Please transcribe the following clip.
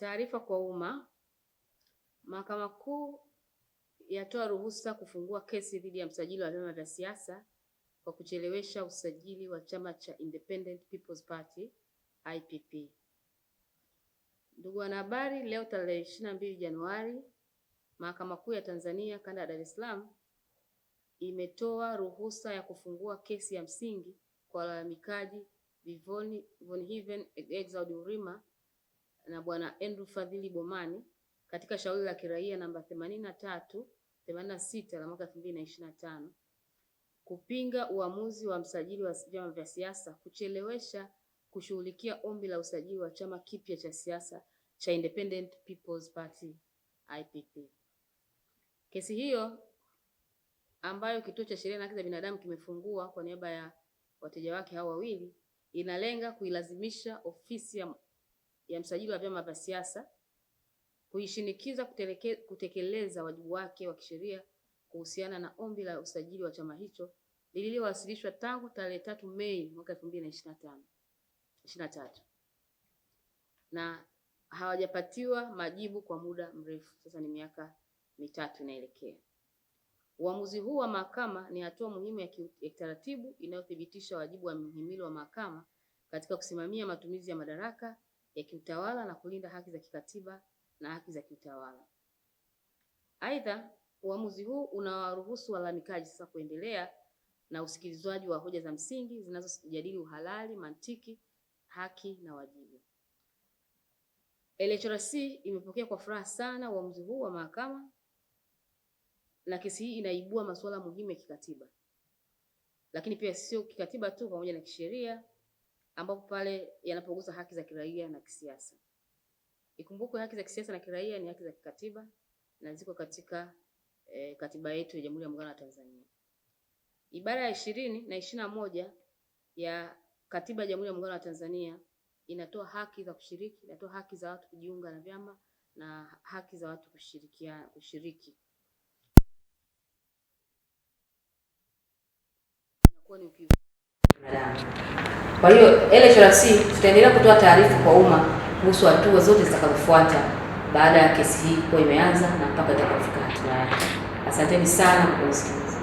Taarifa kwa umma. Mahakama Kuu yatoa ruhusa kufungua kesi dhidi ya msajili wa vyama vya siasa kwa kuchelewesha usajili wa chama cha Independent People's Party IPP. Ndugu wanahabari, leo tarehe 22 Januari, Mahakama Kuu ya Tanzania Kanda ya Dar es Salaam imetoa ruhusa ya kufungua kesi ya msingi kwa walalamikaji von Heaven Exaud Mrima na Bwana Andrew Fadhili Bomani katika shauri la kiraia namba 83 86 la mwaka 2025 kupinga uamuzi wa msajili wa vyama vya siasa kuchelewesha kushughulikia ombi la usajili wa chama kipya cha siasa cha Independent People's Party IPP. Kesi hiyo ambayo Kituo cha Sheria na Haki za Binadamu kimefungua kwa niaba ya wateja wake hao wawili inalenga kuilazimisha ofisi ya ya msajili wa vyama vya siasa kuishinikiza kutekeleza wajibu wake wa kisheria kuhusiana na ombi la usajili wa chama hicho lililowasilishwa tangu tarehe tatu Mei mwaka 2025 na hawajapatiwa majibu kwa muda mrefu sasa, ni miaka mitatu inaelekea. Uamuzi huu wa mahakama ni hatua muhimu ya kitaratibu inayothibitisha wajibu wa mhimili wa mahakama katika kusimamia matumizi ya madaraka ya kiutawala na kulinda haki za kikatiba na haki za kiutawala. Aidha, uamuzi huu unawaruhusu walalamikaji sasa kuendelea na usikilizwaji wa hoja za msingi zinazojadili uhalali, mantiki, haki na wajibu. LHRC imepokea kwa furaha sana uamuzi huu wa mahakama na kesi hii inaibua masuala muhimu ya kikatiba, lakini pia sio kikatiba tu, pamoja na kisheria ambapo pale yanapogusa haki za kiraia na kisiasa. Ikumbukwe haki za kisiasa na kiraia ni haki za kikatiba na ziko katika e, katiba yetu ya Jamhuri ya Muungano wa Tanzania. Ibara ya ishirini na ishirini na moja ya katiba ya Jamhuri ya Muungano wa Tanzania inatoa haki za kushiriki, inatoa haki za watu kujiunga na vyama na haki za watu kushirikia, kushiriki inakuwa ni ukiukaji kwa hiyo LHRC tutaendelea kutoa taarifa kwa umma kuhusu hatua zote zitakazofuata baada ya kesi hii kuwa imeanza na mpaka itakapofika hatima yake. Asanteni sana kwa kusikiliza.